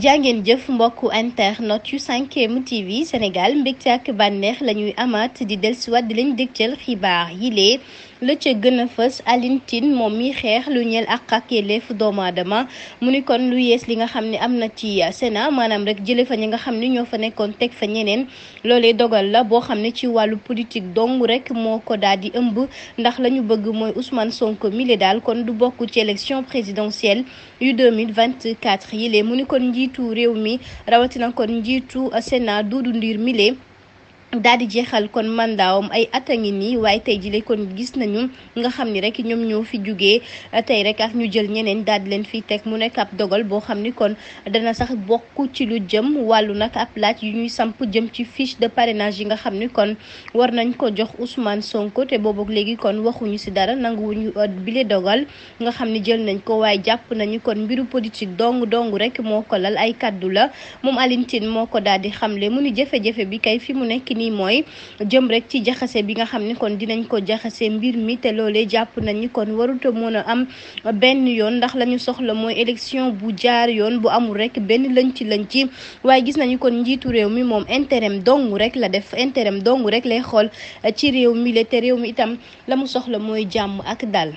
jàngeen jëf mbokku internet yu 5M TV Sénégal mbégte ak bànneex la ñuy amaat di dellusiwaat di leen dégtal xibaar yi lee la ca gën a fës Alioune Tine moom mi xeex lu ñeel ak ak yelleefu doomu aadama mu ni kon lu yees li nga xam ne am na ci Sénat maanaam rek jële fa ñi nga xam ni ñoo fa nekkoon teg fa ñeneen loolee dogal la boo xam ne ci wàllu politique dong rek moo ko daal di ëmb ndax la ñu bëgg mooy Ousmane Sonko mi daal kon du bokk ci élection présidentielle yu 2024 yi lee njiitu réew mi rawatina kon njiitu Sénat Doudou Ndir Mile daal di jeexal kon mandaawam ay at a ngi nii waaye tey jile kon gis nañu nga xam ni rek ñoom ñoo fi jugee tey rek ak ñu jël ñeneen daal di leen fiy teg mu nekk ab dogal boo xam ni kon dana sax bokk ci lu jëm wàllu nag ab laaj yu ñuy samp jëm ci fiche de parrainage yi nga xam ni kon war nañ ko jox Ousmane Sonko te boobu léegi kon waxuñu si dara nanguwuñu euh, bile dogal nga xam ni jël nañ ko waaye jàpp nañu kon mbiru politique dong dong rek moo ko lal ay kaddu la moom ni mooy jëm rek ci jaxase bi nga xam ne kon dinañ ko jaxase mbir mi te loole jàpp nañ ni kon warut a a am benn yoon ndax la ñu soxla mooy élection bu jaar yoon bu amul rek benn lëñ ci lëñ ci waaye gis nañu kon njiitu réew mi moom intérim dong rek la def intérim dong rek lay xool ci réew mi la te réew mi itam la mu soxla mooy jàmm ak dal